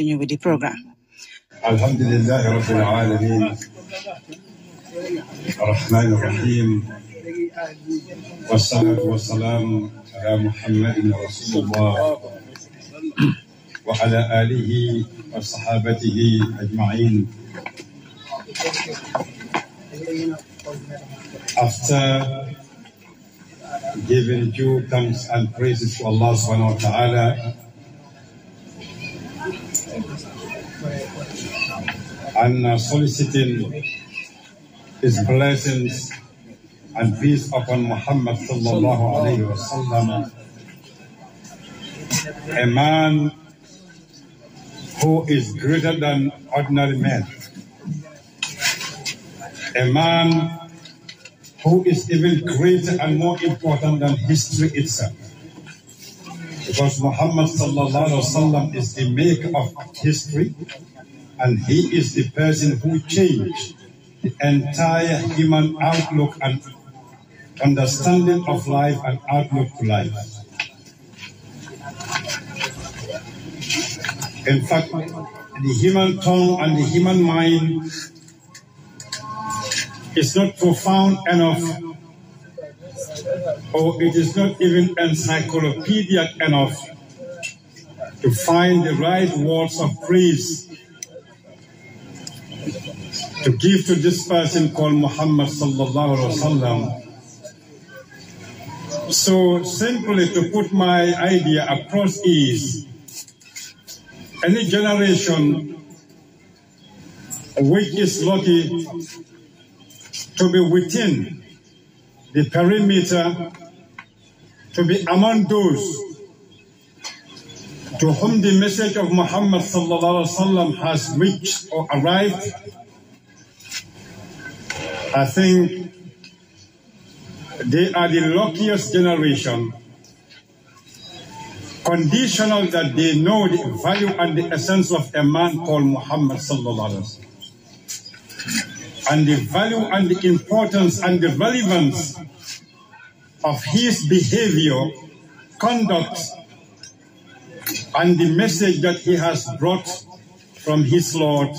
continue with the program. وعلى آله وصحابته أجمعين After giving due thanks and praises to Allah subhanahu wa ta'ala and uh, soliciting his blessings and peace upon Muhammad sallallahu alayhi wasallam, a man who is greater than ordinary men, a man who is even greater and more important than history itself. Because Muhammad sallallahu alayhi wasallam is the maker of history, and he is the person who changed the entire human outlook and understanding of life and outlook to life. In fact, the human tongue and the human mind is not profound enough, or it is not even encyclopedic enough to find the right words of praise to give to this person called Muhammad sallallahu alaihi wasallam. So simply to put my idea across is any generation which is lucky to be within the perimeter, to be among those to whom the message of Muhammad sallallahu alaihi wasallam has reached or arrived I think they are the luckiest generation, conditional that they know the value and the essence of a man called Muhammad sallallahu and the value and the importance and the relevance of his behavior, conduct, and the message that he has brought from his Lord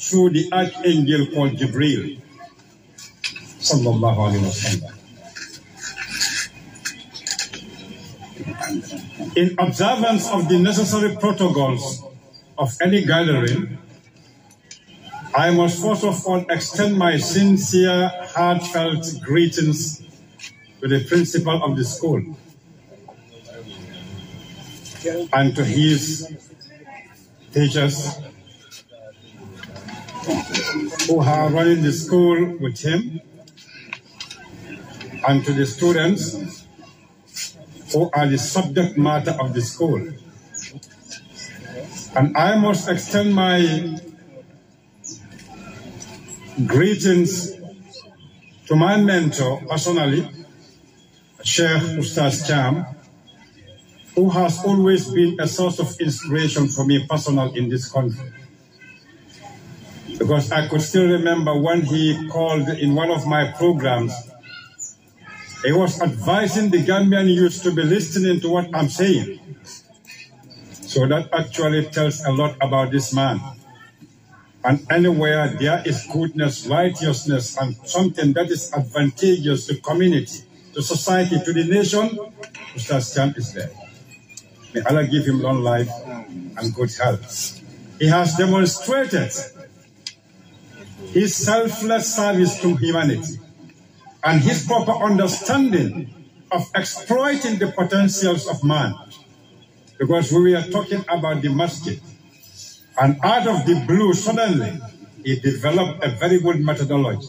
through the archangel called Gabriel. In observance of the necessary protocols of any gathering, I must first of all extend my sincere, heartfelt greetings to the principal of the school and to his teachers who are running the school with him and to the students who are the subject matter of the school. And I must extend my greetings to my mentor personally, Sheikh Ustaz Cham, who has always been a source of inspiration for me personal in this country. Because I could still remember when he called in one of my programs he was advising the Gambian youth to be listening to what I'm saying. So that actually tells a lot about this man. And anywhere there is goodness, righteousness, and something that is advantageous to community, to society, to the nation, Mr. Stamp is there. May Allah give him long life and good health. He has demonstrated his selfless service to humanity and his proper understanding of exploiting the potentials of man. Because we were talking about the masjid. And out of the blue, suddenly, he developed a very good methodology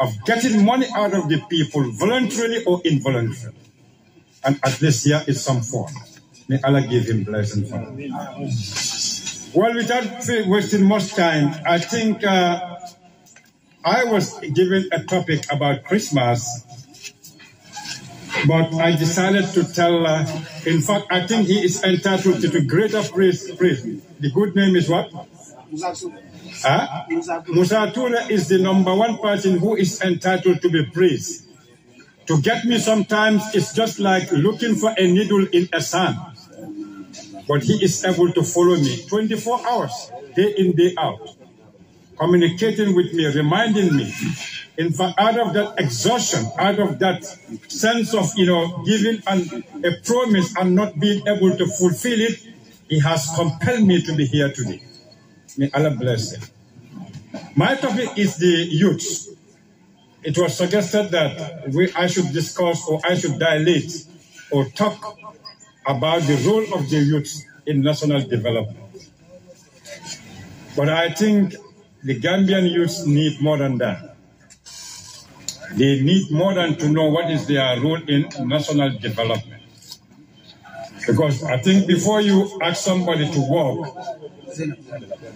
of getting money out of the people, voluntarily or involuntarily. And at least here is some form. May Allah give him blessing for we Well, without wasting much time, I think uh, I was given a topic about Christmas, but I decided to tell uh, in fact, I think he is entitled to the greater praise. praise. The good name is what? Huh? Ture is the number one person who is entitled to be praised. To get me sometimes it's just like looking for a needle in a sand. But he is able to follow me 24 hours, day in, day out communicating with me, reminding me. In fact, out of that exhaustion, out of that sense of, you know, giving an, a promise and not being able to fulfill it, he has compelled me to be here today. May Allah bless him. My topic is the youth. It was suggested that we, I should discuss or I should dilate or talk about the role of the youth in national development. But I think the Gambian youths need more than that. They need more than to know what is their role in national development. Because I think before you ask somebody to work,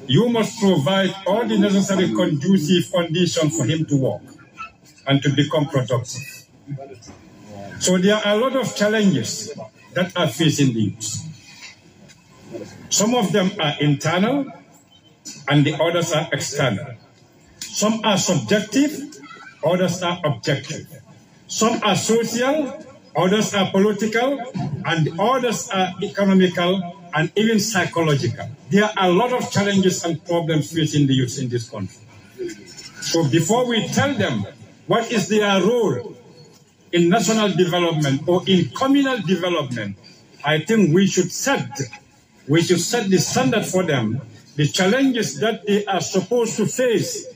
you must provide all the necessary conducive conditions for him to work and to become productive. So there are a lot of challenges that are facing the youth. Some of them are internal, and the others are external. Some are subjective, others are objective. Some are social, others are political, and others are economical and even psychological. There are a lot of challenges and problems facing the youth in this country. So before we tell them what is their role in national development or in communal development, I think we should set we should set the standard for them the challenges that they are supposed to face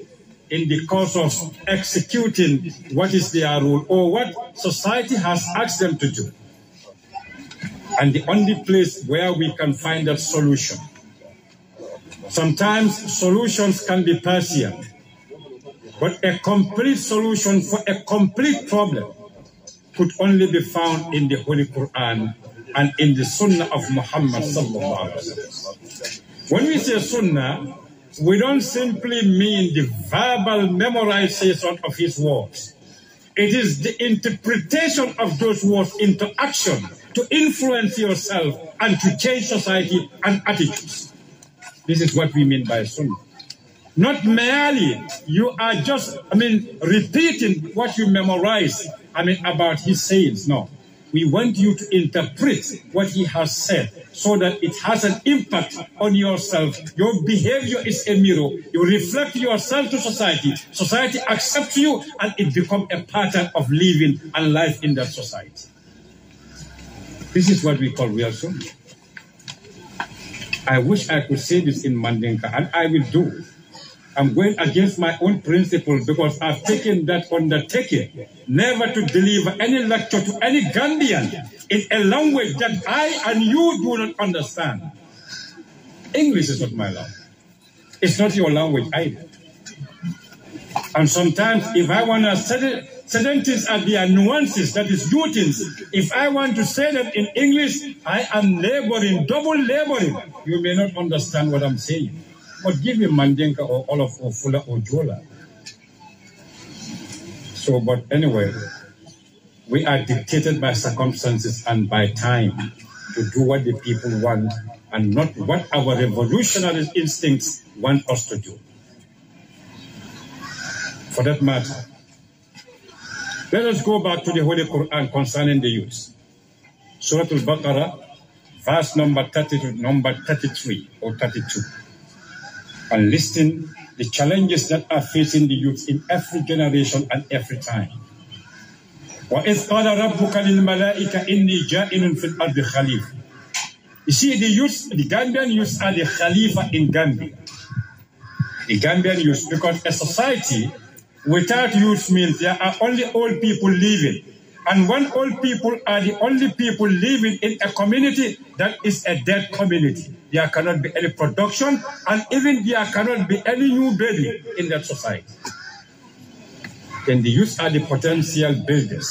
in the course of executing what is their role or what society has asked them to do. And the only place where we can find a solution. Sometimes solutions can be partial, but a complete solution for a complete problem could only be found in the Holy Quran and in the Sunnah of Muhammad sallallahu alaihi wasallam. When we say sunnah, we don't simply mean the verbal memorization of his words. It is the interpretation of those words into action to influence yourself and to change society and attitudes. This is what we mean by sunnah. Not merely you are just, I mean, repeating what you memorize, I mean, about his sayings. No we want you to interpret what he has said so that it has an impact on yourself. Your behavior is a mirror. You reflect yourself to society. Society accepts you and it becomes a pattern of living and life in that society. This is what we call real soul. I wish I could say this in Mandinka, and I will do. I'm going against my own principles because I've taken that undertaking never to deliver any lecture to any Gambian in a language that I and you do not understand. English is not my language. It's not your language either. And sometimes if I want to settle certain things are their nuances, that is duties. things. If I want to say that in English, I am laboring, double laboring. You may not understand what I'm saying. But give him Mandinka or all or Fula or Jola. So, but anyway, we are dictated by circumstances and by time to do what the people want and not what our revolutionary instincts want us to do. For that matter, let us go back to the Holy Quran concerning the youth. Surah Al-Baqarah, verse number 30 to number 33 or 32 and listing the challenges that are facing the youth in every generation and every time. وَإِذْ قَالَ رَبُّكَ لِلْمَلَائِكَ إِنِّي جَائِنٌ فِي الْأَرْضِ خَلِيفَةً You see, the youth, the Gambian youth are the Khalifa in Gambia. The Gambian youth, because a society without youth means there are only old people living and when old people are the only people living in a community, that is a dead community. There cannot be any production, and even there cannot be any new baby in that society. Then the youth are the potential builders,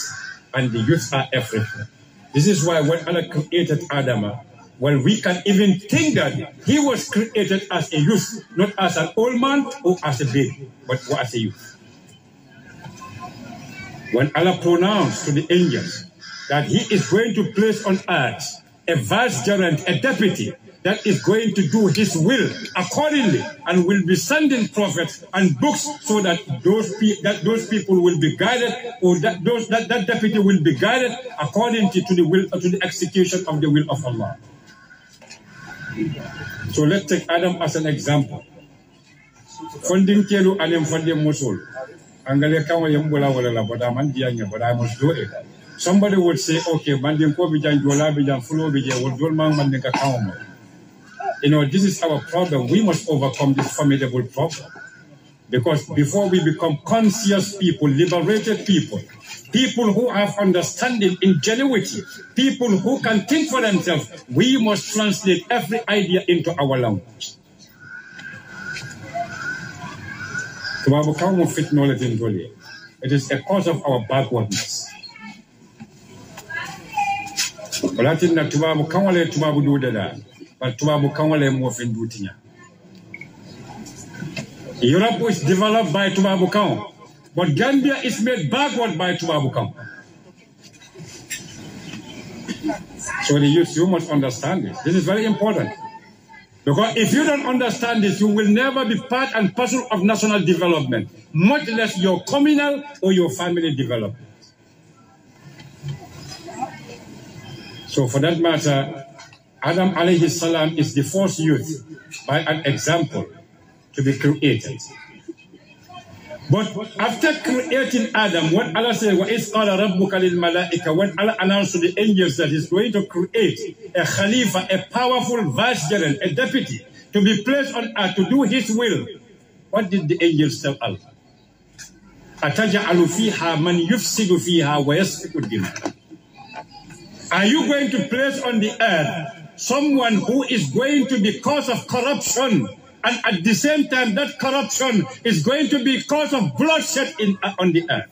and the youth are everything. This is why when Allah created Adama, when we can even think that he was created as a youth, not as an old man or as a baby, but as a youth when Allah pronounced to the angels that He is going to place on earth a vicegerent, a deputy that is going to do His will accordingly, and will be sending prophets and books so that those pe- that those people will be guided, or that those that, that deputy will be guided according to, to the will to the execution of the will of Allah. So let's take Adam as an example. Funding Kelu and Funding Angale kanwa yambula wala la boda mandi yanya boda I must do it. Somebody would say, okay, mandi ko bijan jola bijan fulo bijan wodol mang mandi ka kanwa. You know, this is our problem. We must overcome this formidable problem. Because before we become conscious people, liberated people, people who have understanding, ingenuity, people who can think for themselves, we must translate every idea into our language. to overcome fit knowledge in Dolia. It is a cause of our backwardness. Olatin na tubabu kanwale tubabu dudada, but tubabu kanwale mwafin dutinya. Europe is developed by tubabu kanwale. But Gambia is made backward by Tuabukam. So the youth, you must understand this. This is very important. Because if you don't understand this, you will never be part and parcel of national development, much less your communal or your family development. So for that matter, Adam alayhi salam is the first youth by an example to be created. But after creating Adam, when Allah said, وَإِذْ قَالَ رَبُّكَ لِلْمَلَائِكَةِ When Allah announced to the angels that he's going to create a Khalifa, a powerful vicegerent, a deputy, to be placed on earth to do his will, what did the angels tell Allah? Are you going to place on the earth someone who is going to, be because of corruption, and at the same time, that corruption is going to be cause of bloodshed in, uh, on the earth.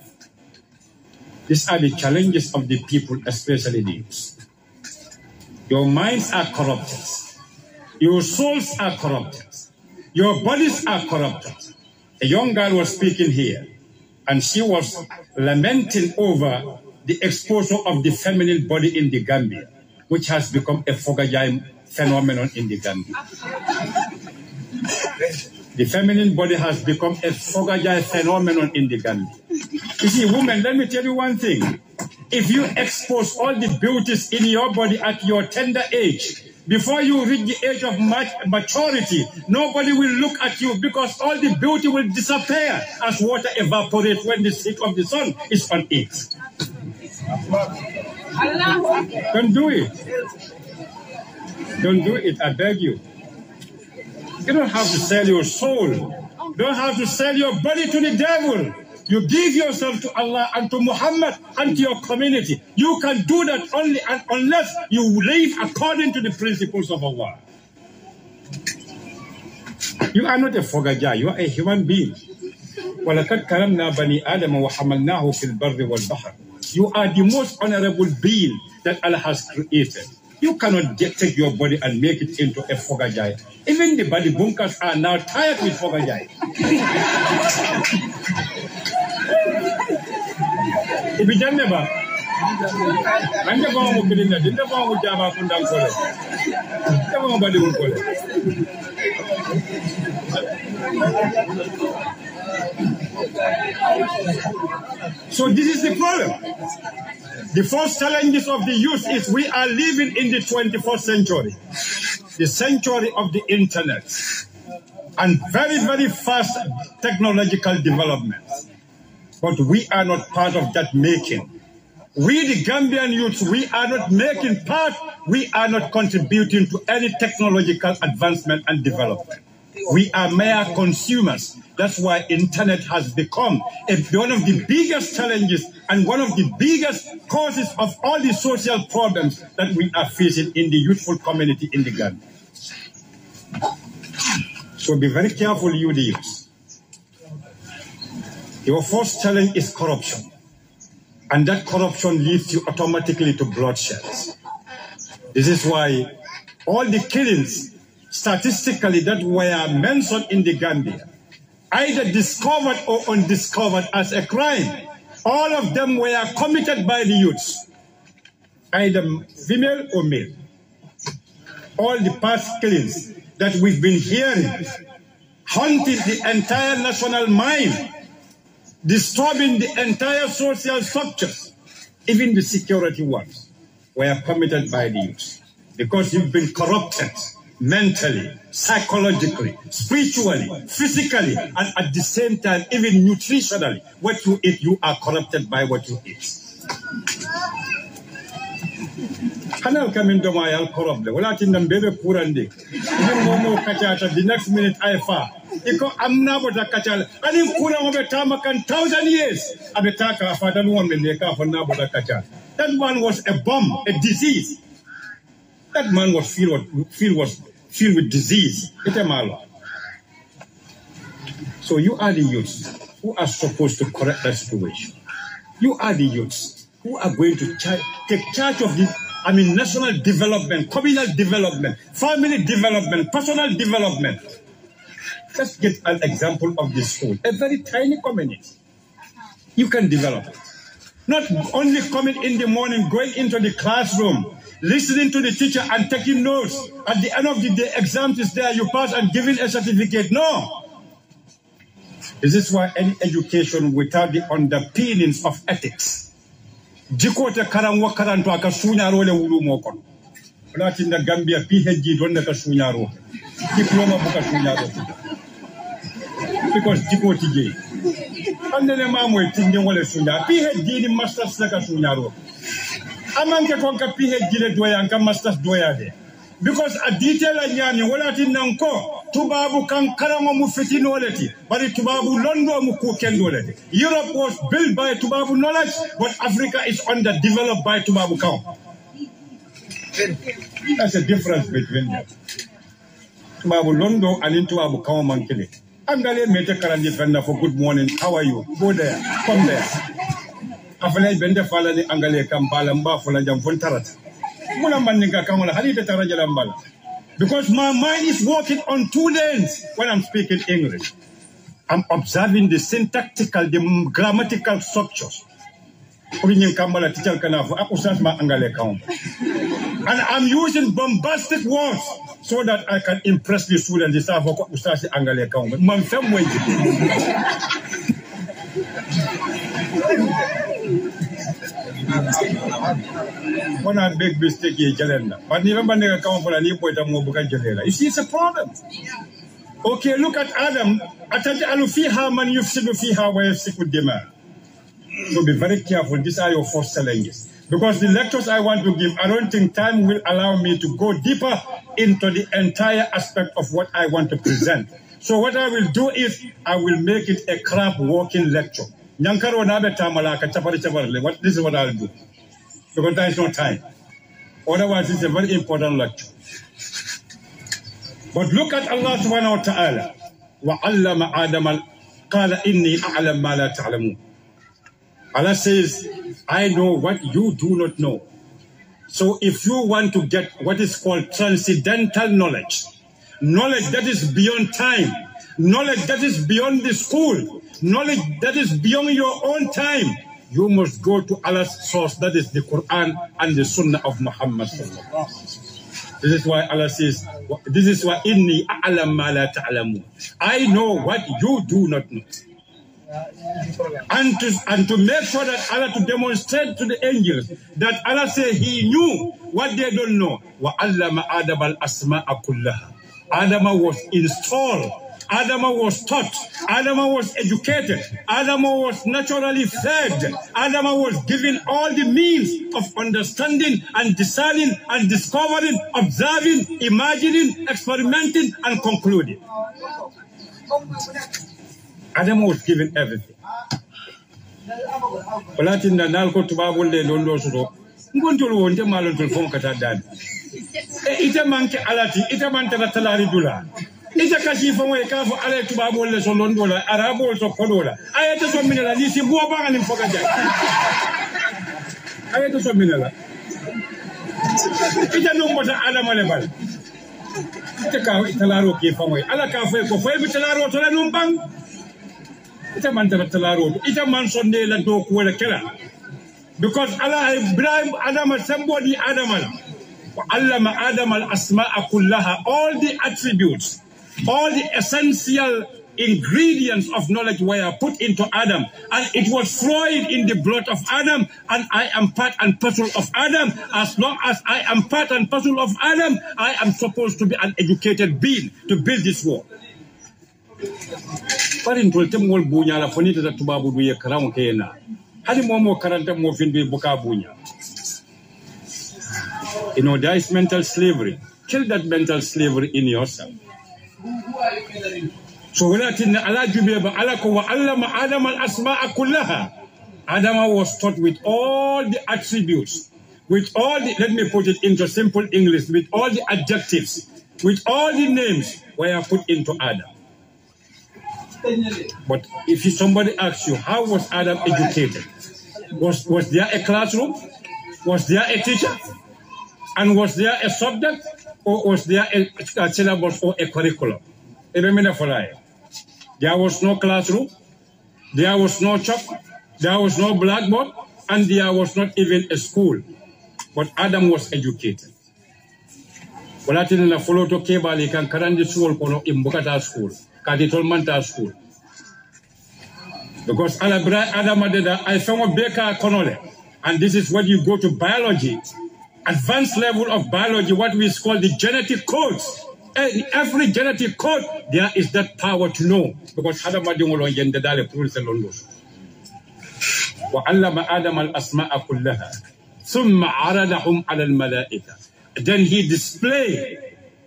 These are the challenges of the people, especially the youth. Your minds are corrupted. Your souls are corrupted. Your bodies are corrupted. A young girl was speaking here, and she was lamenting over the exposure of the feminine body in the Gambia, which has become a Fogajai phenomenon in the Gambia. The feminine body has become a fragile phenomenon in the Gambia. You see, women, let me tell you one thing. If you expose all the beauties in your body at your tender age, before you reach the age of maturity, nobody will look at you because all the beauty will disappear as water evaporates when the heat of the sun is on it. Don't do it. Don't do it, I beg you. You don't have to sell your soul. You don't have to sell your body to the devil. You give yourself to Allah and to Muhammad and to your community. You can do that only and unless you live according to the principles of Allah. You are not a fogaja, you are a human being. وَلَقَدْ كَرَمْنَا بَنِي آدَمَ وَحَمَلْنَاهُ فِي الْبَرِّ وَالْبَحْرِ You are the most honorable being that Allah has created. You cannot take your body and make it into a fogajai. Even the body bunkers are now tired with fogajai. If you don't never, I'm the one who did it. Didn't the one who java from down college. The one who body will college. So this is the problem. The first challenges of the youth is we are living in the 21st century, the century of the internet and very, very fast technological developments. But we are not part of that making. We, the Gambian youth, we are not making part, we are not contributing to any technological advancement and development. We are mere consumers. That's why internet has become one of the biggest challenges and one of the biggest causes of all the social problems that we are facing in the youthful community in the garden. So be very careful, you the youth. Your first challenge is corruption. And that corruption leads you automatically to bloodshed. This is why all the killings statistically that were mentioned in the Gambia, either discovered or undiscovered as a crime, all of them were committed by the youths, either female or male. All the past killings that we've been hearing haunted the entire national mind, disturbing the entire social structures, even the security ones, were committed by the youths because you've been corrupted mentally, psychologically, spiritually, physically, and at the same time, even nutritionally. What you eat, you are corrupted by what you eat. hanal kamin doma yal koroble walati nam bebe purande min momo kacata the next minute i fa iko amna bota kacal ani kura ngobe tama kan thousand years abe taka fa dan wonne ne ka fonna bota kacal that man was a bomb a disease that man was feel what feel was filled with disease. So you are the youths who are supposed to correct that situation. You are the youths who are going to take charge of the, I mean, national development, communal development, family development, personal development. Let's get an example of this school, a very tiny community. You can develop it. Not only coming in the morning, going into the classroom, listening to the teacher and taking notes. At the end of the day, exam is there, you pass and giving a certificate. No. This is why any education without the underpinnings of ethics. Jikote karan wa karan to aka sunyaro wulu mokon. Latin da Gambia PhD don da ka sunyaro. Diploma buka sunyaro. Because jikoti je. Andene mamu etinge wala sunyaro. PhD ni masters da ka sunyaro amanke kon ka phd le doya ka masters doya de because a detail a ñaami wolati nan ko tubabu kan karamo mu fitinole ti bari tubabu londo mu kukendole ti europe was built by tubabu knowledge but africa is underdeveloped by tubabu kan that's a difference between them tubabu londo and tubabu kan man kile angale mete karandi fenna for good morning how are you go there come there bende fala ni kambala kamula halita mbala because my mind is working on two lanes when I'm speaking English. I'm observing the syntactical, the grammatical structures. And I'm using bombastic words so that I can impress the students. When a big mistake here, Jalenda. But even when they come for an import, I'm Jalenda. You see, it's a problem. Okay, look at Adam. Atati alufiha man yufsidu fiha wa yafsiku dima. So be very careful. These are your first challenges. Because the lectures I want to give, I don't think time will allow me to go deeper into the entire aspect of what I want to present. So what I will do is I will make it a crab walking lecture. Nyankaro Nabeta Malaka Chapari Chaparle. What this is what I'll do. Because there is no time. Otherwise, it's a very important lecture. But look at Allah subhanahu wa ta'ala. Wa وَعَلَّمَ آدَمَ qala inni أَعْلَمْ ma la تَعْلَمُونَ Allah says, I know what you do not know. So if you want to get what is called transcendental knowledge, knowledge that is beyond time, knowledge that is beyond the school, knowledge that is beyond your own time, you must go to Allah's source, that is the Quran and the Sunnah of Muhammad. This is why Allah says, this is why inni ta'lamu. I know what you do not know. And to, and to make sure that Allah to demonstrate to the angels that Allah said he knew what they don't know. Wa allama Adam al Asma' kullaha. Adam was installed Adama was taught. Adama was educated. Adama was naturally fed. Adama was given all the means of understanding and discerning and discovering, observing, imagining, experimenting, and concluding. Adama was given everything. ita kasi fango ka fo ala tubabol le solon dola arabol to kodola aya to so minela ni si bo ba ngani foka ja aya to so minela ita no mota ala male bal ita ka ita laro ke fango ala ka fo ko fo bi talaro to la num bang ita man tara talaro ita man sonde la do ko la kala because ala ibrahim adama somebody adama وعلم آدم الأسماء كلها all the attributes all the essential ingredients of knowledge were put into Adam. And it was flowed in the blood of Adam. And I am part and parcel of Adam. As long as I am part and parcel of Adam, I am supposed to be an educated being to build this world. Parin tolte mol bunya la foni tata tubabu duye karamu kena. Hadi mo karanta mo bi buka bunya. You know, there is mental slavery. Kill that mental slavery in yourself. شغلاتنا على جبيبة Allah وعلم Allah الأسماء كلها Adam was taught with all the attributes, with all the, let me put it into simple English, with all the adjectives, with all the names were put into Adam. But if somebody asks you, how was Adam educated? Was, was there a classroom? Was there a teacher? And was there a subject? was there a, a syllabus or a curriculum? There was no classroom, there was no chalk, there was no blackboard, and there was not even a school. But Adam was educated. wala tini na follow to kebali kan karandi suwol kono imbukata school Kadito tolmanta school because Adam bra adama deda ay fengo beka and this is where you go to biology advanced level of biology, what we call the genetic codes. And eh, every genetic code, there is that power to know. Because Hadamadimulon Yendadale proves alone. وعلم آدم الأسماء كلها ثم عرضهم على الملائكة then he displayed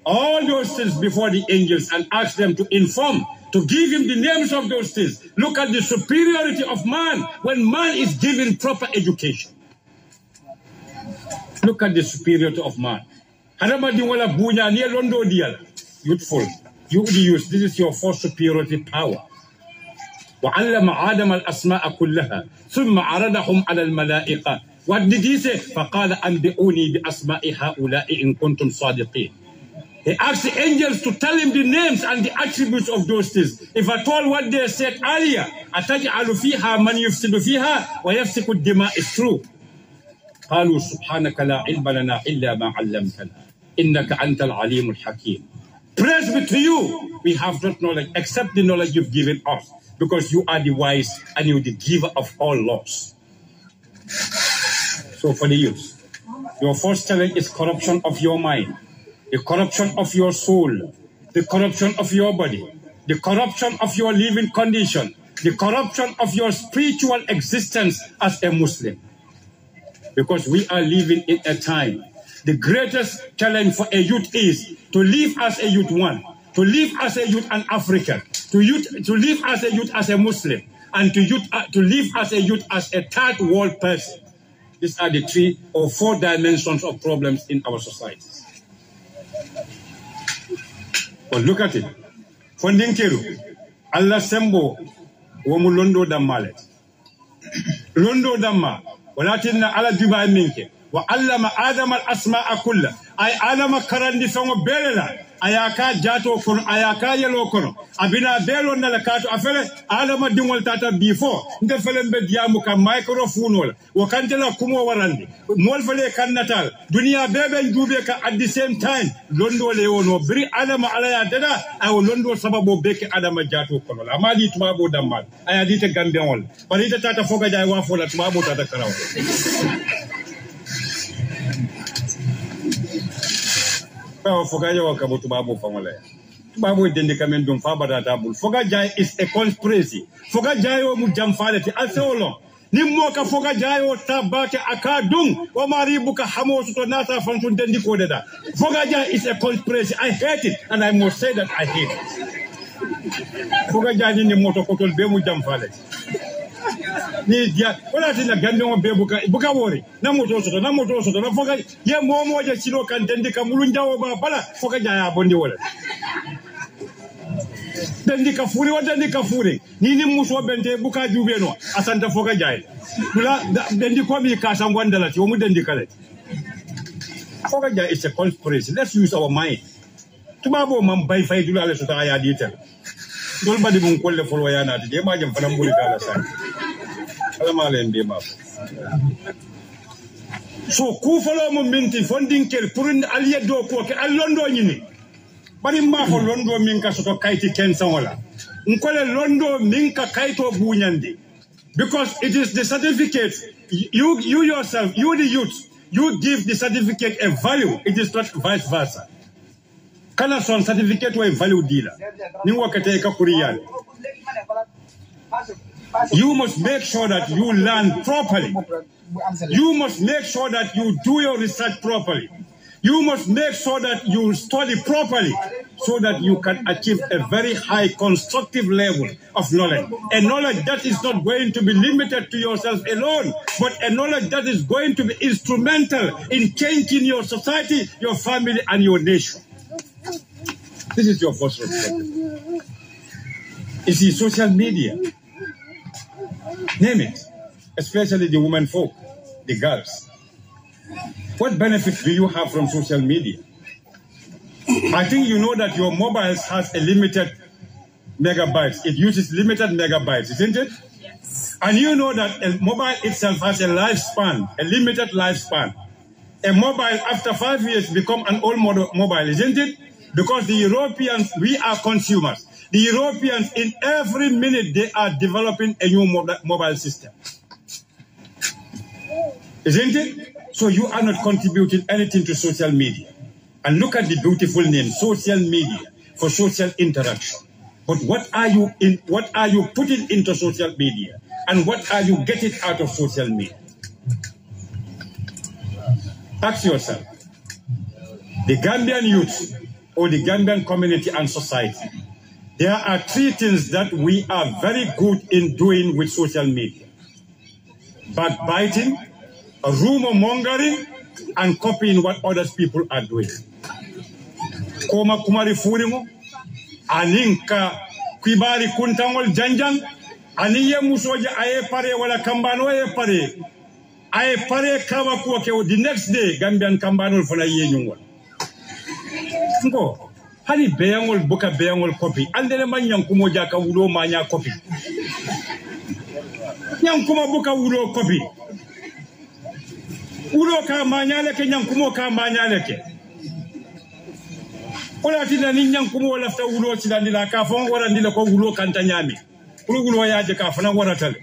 all those things before the angels and asked them to inform to give him the names of those things look at the superiority of man when man is given proper education Look at the superiority of man. Hanamadi wala bunya ni londo dial. Youthful. You the youth. This is your first superiority power. وعلم آدم الأسماء كلها ثم عرضهم على الملائكة What did he say? فقال أنبئوني بأسماء هؤلاء إن كنتم صادقين He asked the angels to tell him the names and the attributes of those things. If at all what they said earlier, أتجعل فيها من يفسد فيها ويفسق الدماء is true. قالوا سبحانك لا علم لنا إلا ما علمتنا إنك أنت العليم الحكيم Praise be to you. We have not knowledge except the knowledge you've given us because you are the wise and you're the giver of all laws. So for the youth, your first challenge is corruption of your mind, the corruption of your soul, the corruption of your body, the corruption of your living condition, the corruption of your spiritual existence as a Muslim because we are living in a time. The greatest challenge for a youth is to live as a youth one, to live as a youth an African, to, youth, to live as a youth as a Muslim, and to, youth, uh, to live as a youth as a third world person. These are the three or four dimensions of problems in our societies. But look at it. Funding Keru, Allah Sembo, Womu Londo Londo Damma, ولكن على دبا منك وعلم آدم الأسماء كلها أي آدم كرندي سمو بيلنا ayaka jato kono ayaka yelo kono abina belo nala kato afele alama dingol tata bifo nde fele mbe diamu ka microphone wala wakante la kumo warandi mol fele kan natal duniya bebe njube ka at the same time londo le wono bri alama ala ya dada aw londo sababu beke alama jato kono la mali tumabo damal aya dite gambe wala balita tata foga jay wafo la tumabo tata karawo fɛn o fo ka yɛwɔ ka bɔ tubabu fanga la yan tubabu ye dendi kamin dun fa bada t'a bolo fo is a conspiracy fo ka ja y'o mu janfa de ti ni mɔɔ ka fo ka ja o maari ka hamo sɔtɔ n'a ta dendi ko de da fo is a conspiracy i hate it and i must say that i hate it fo ka ni ni kotol bɛɛ mu ni dia wala tin gande on be buka buka wore na moto soto na moto soto na foka ye momo je sino kan dendi ka mulun dawo ba bala foka jaya bonde wala dendi ka fure wa dendi ka fure ni ni muso bente buka jube no asanta foka jaya kula dandi ko mi ka san gwandala ti o mu dandi kala foka jaya is a conspiracy let's use our mind tubabo man bai fai dula ala sota aya ditel dol badi mun kolle folwa yana ti je majin fanan buri kala sa ala ma len so ku falo mo minti fondin ker pour aliya do ko ke allondo nyini bari ma ko londo min ka soto kayti kensan wala nkole londo min ka kayto because it is the certificate you you yourself you the youth you give the certificate a value it is not vice versa kana son certificate wa value dila ni wakati ka kuriyani you must make sure that you learn properly. You must make sure that you do your research properly. You must make sure that you study properly so that you can achieve a very high constructive level of knowledge. A knowledge that is not going to be limited to yourself alone, but a knowledge that is going to be instrumental in changing your society, your family, and your nation. This is your first responsibility. You see, social media Name it, especially the women folk, the girls. What benefits do you have from social media? I think you know that your mobiles has a limited megabytes. It uses limited megabytes, isn't it? Yes. And you know that a mobile itself has a lifespan, a limited lifespan. A mobile after five years become an old model, mobile, isn't it? Because the Europeans, we are consumers. The Europeans, in every minute, they are developing a new mobile system. Isn't it? So you are not contributing anything to social media. And look at the beautiful name, social media, for social interaction. But what are you in, what are you putting into social media? And what are you getting out of social media? Ask yourself. The Gambian youth or the Gambian community and society there are three things that we are very good in doing with social media. Backbiting, rumor mongering, and copying what other people are doing. Koma kumari furimo, aninka kibari kuntangol janjang, aniye musoja aye pare wala kambano aye pare, aye pare kawa kuwa keo the next day Gambian kambano funa iye nyungwa. Ngo, hali beyaŋol buka beyaŋol kopi andelema ñankumo ja ka wulo maña kopi ñankuma buka wulo kopi wulo ka mañale ke ñankumo ka mañale ke wolatina ni ñankumo lafta wulo silandila ka fon warandila ko wulo kanta ñami pour wulo yaje ka fana waratale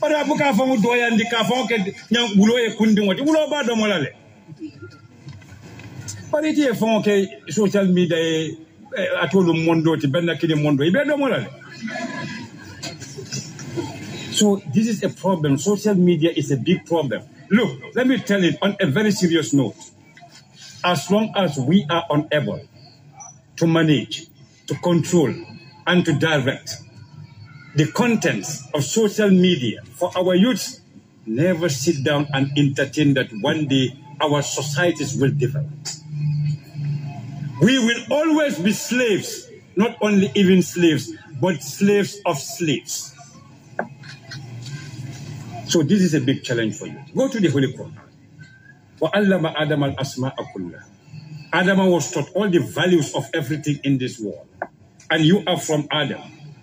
bara buka fon doyandi ka fon ke ñan wulo e kundi ngoti wulo ba domolale parité fon ke social media so this is a problem social media is a big problem look let me tell it on a very serious note as long as we are unable to manage to control and to direct the contents of social media for our youth never sit down and entertain that one day our societies will develop we will always be slaves, not only even slaves, but slaves of slaves. So this is a big challenge for you. Go to the Holy Quran. Adam آدَمَ Asma Akulah. Adam was taught all the values of everything in this world. And you are from Adam.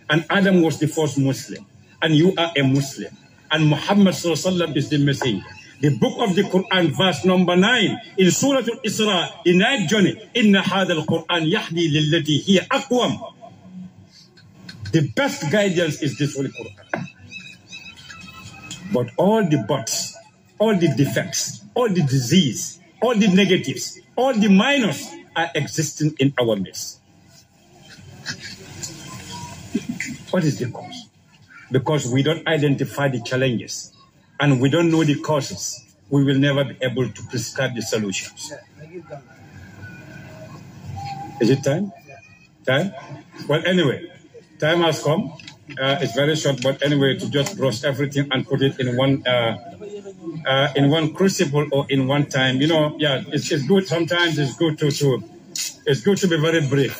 And Adam was the first Muslim. And you are a Muslim. And Muhammad is the messenger the book of the Quran, verse number 9, in Surah Al-Isra, in that journey, Inna hadal Quran yahdi lillati hiya akwam. The best guidance is this Holy Quran. But all the buts, all the defects, all the disease, all the negatives, all the minors are existing in our midst. What is the cause? Because we don't identify the challenges and we don't know the causes, we will never be able to prescribe the solutions. Is it time? Time? Well, anyway, time has come. Uh, it's very short, but anyway, to just brush everything and put it in one uh, uh, in one crucible or in one time. You know, yeah, it's, it's good. Sometimes it's good to, to it's good to be very brief.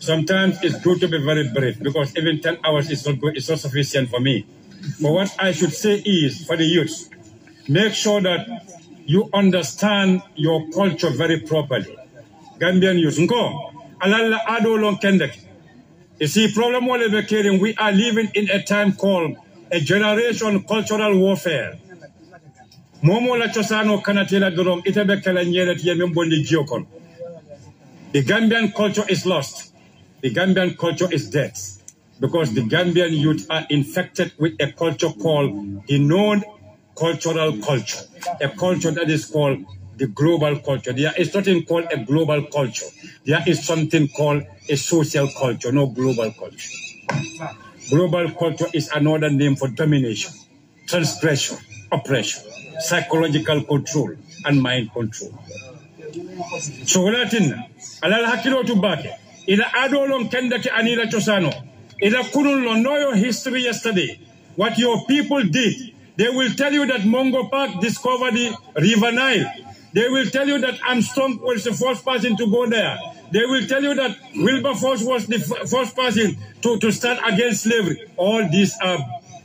Sometimes it's good to be very brief because even ten hours is not good. It's not sufficient for me. But what I should say is for the youth, make sure that you understand your culture very properly. Gambian youth, nko, alala ado long kendek. You see, problem wale bekirin, we are living in a time called a generation cultural warfare. Momo la chosano kanatela dorong, itebe kala nyere tiye mbondi jiokon. The Gambian culture is lost. The Gambian culture is dead because the Gambian youth are infected with a culture called the known cultural culture, a culture that is called the global culture. There is something called a global culture. There is something called a social culture, no global culture. Global culture is another name for domination, transgression, oppression, psychological control, and mind control. So, Latin, alal hakilo tubake, ila adolon kendaki anila chosano, Ilakunul know your history yesterday, what your people did. They will tell you that Mongo Park discovered the River Nile. They will tell you that Armstrong was the first person to go there. They will tell you that Wilberforce was the first person to, to stand against slavery. All these are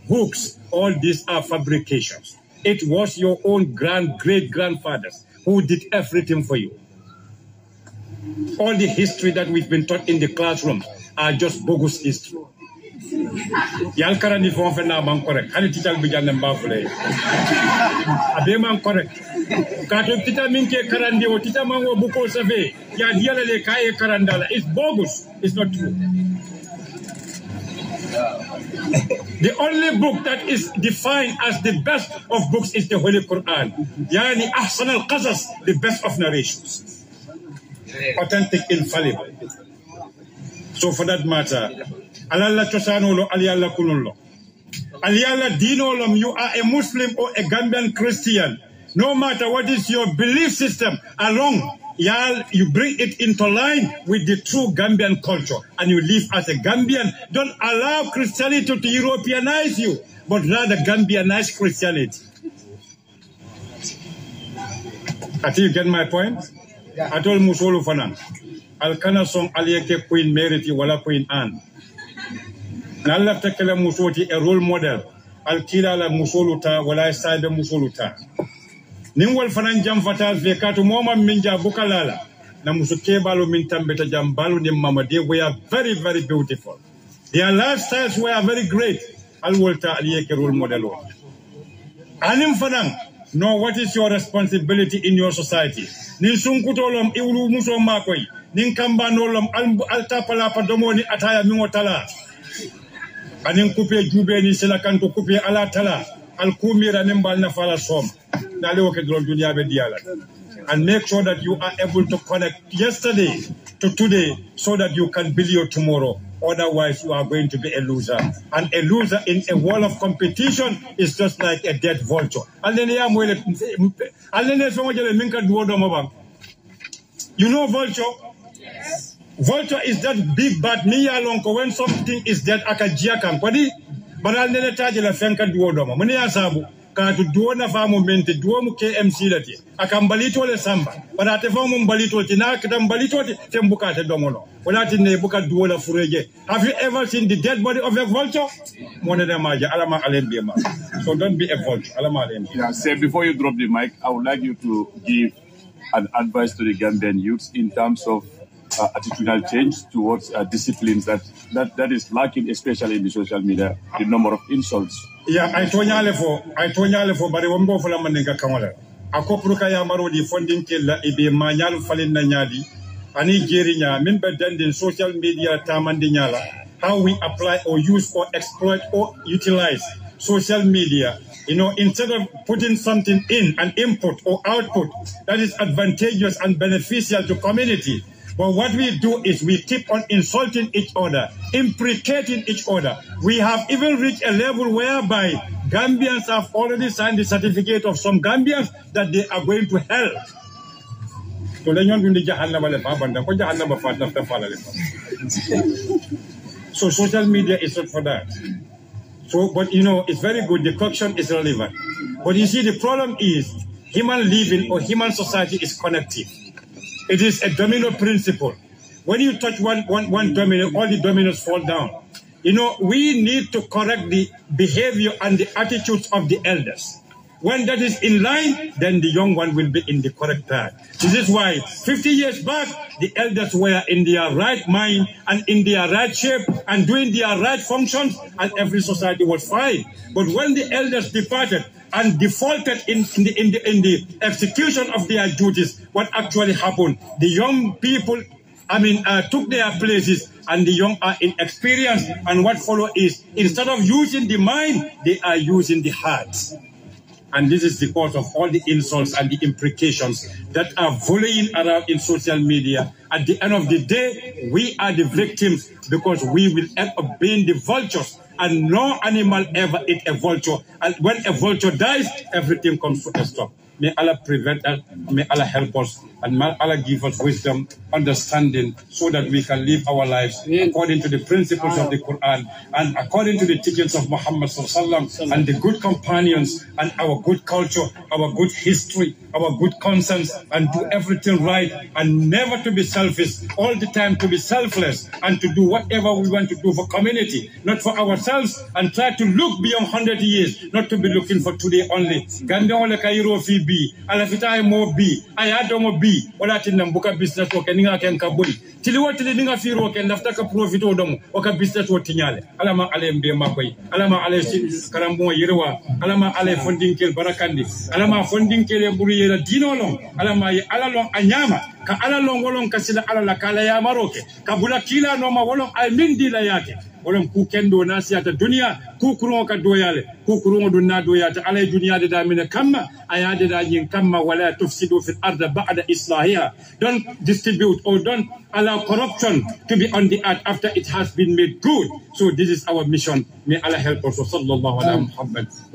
hooks. All these are fabrications. It was your own grand great grandfathers who did everything for you. All the history that we've been taught in the classroom are just bogus history. Yal kara ni fon fe man correct. Hani tital bi janne mba fule. Abe man correct. Ka to tita min ke karandi o tita man wo buko save. Ya diala le kaye karandala. It's bogus. It's not true. the only book that is defined as the best of books is the Holy Quran. Yani Ahsan al-Qasas, the best of narrations. Authentic, infallible. So for that matter, alalla chosanolo alialla kulunlo. Alialla dinolom, you are a Muslim or a Gambian Christian. No matter what is your belief system, along Y'all, you bring it into line with the true Gambian culture and you live as a Gambian. Don't allow Christianity to Europeanize you, but rather Gambianize Christianity. I think you get my point? Yeah. I told Musolu Fanan alkana son aliye ke Queen Mary ti wala Queen Anne na lafta kala muso ti a role model alkila la musolu ta wala saibe musolu ta nin wal fanan jam fata ve katu moma min ja bukalala na muso kebalo min tambeta jam balu ni mama they were very very beautiful their lifestyles were very great Al aliye ke role model o anim fanan no what is your responsibility in your society ni sunkutolom iwlu muso makoy alta ataya mingo tala anin kupe jube ni kupe ala tala al kumira som be diala and make sure that you are able to connect yesterday to today so that you can build your tomorrow Otherwise, you are going to be a loser. And a loser in a world of competition is just like a dead vulture. You know, vulture, Vulture is that big but mi ya lon when something is dead, aka jiya kan kwadi banal ne taji la fenka duwo do ma mun ya sabu ka tu duwo na famu mente duo mu KMC lati aka mbalito le samba bana te famu mbalito ti na ka mbalito ti te mbuka te domolo wala ti ne buka duwo la fureje have you ever seen the dead body of a vulture mo ne ma ala ma alembe ma so don't be a vulture ala ma alembe yeah say before you drop the mic i would like you to give an advice to the Gambian youths in terms of uh, attitudinal change towards uh, disciplines that, that, that is lacking, especially in the social media, the number of insults. Yeah, I told you I told you but I won't go for the money. Ako pruka ya maro di funding ke la ibe manyal falin na ani jeri nya min bedendin social media tamandi how we apply or use or exploit or utilize social media you know, instead of putting something in, an input or output that is advantageous and beneficial to community, but what we do is we keep on insulting each other, imprecating each other. We have even reached a level whereby Gambians have already signed the certificate of some Gambians that they are going to hell. So social media is not for that. So, but you know, it's very good. The correction is relevant. But you see, the problem is human living or human society is connected. It is a domino principle. When you touch one, one, one domino, all the dominoes fall down. You know, we need to correct the behavior and the attitudes of the elders. When that is in line, then the young one will be in the correct path. This is why 50 years back, the elders were in their right mind and in their right shape and doing their right functions, and every society was fine. But when the elders departed, and defaulted in, in, the, in, the, in the execution of their duties, what actually happened? The young people, I mean, uh, took their places and the young are inexperienced. And what follows is instead of using the mind, they are using the heart. And this is the cause of all the insults and the imprecations that are volleying around in social media. At the end of the day, we are the victims because we will end up being the vultures and no animal ever eat a vulture. And when a vulture dies, everything comes to a stop. May Allah prevent us, may Allah help us, and may Allah give us wisdom, understanding, so that we can live our lives according to the principles of the Quran and according to the teachings of Muhammad and the good companions and our good culture, our good history, our good conscience, and do everything right and never to be selfish, all the time to be selfless and to do whatever we want to do for community, not for ourselves, and try to look beyond 100 years, not to be looking for today only. bi ala fita mo bi aya do mo bi wala tin nam buka business to ken nga ken kabuli tili li nga firo ken dafta ka profito o domo o ka business o tinyale ala ma ala mbe makoy ala ma karam bon yirwa ala ma ala funding kel barakandi ala ma funding kel buru yela dino lon ala ma ala lon anyama ka ala lon wolon ka sila ala la kala ya maroke ka bula kila no ma wolon ay mindi la yake ka na ala wala tufsidu fil bada islahiha don't distribute or don't allow corruption to be on the earth after it has been made good so this is our mission may allah help us sallallahu ala muhammad